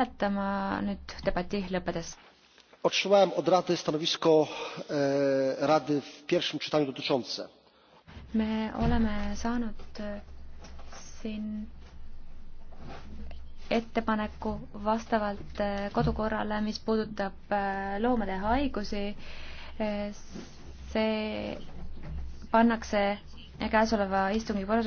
hääletama nüüd debati lõppedes. otrzymałem od rady stanowisko e, rady w pierwszym czytaniu dotyczące. me oleme saanud e, siin ettepaneku vastavalt e, kodukorrale, mis puudutab loomade haigusi. see pannakse käesoleva istungi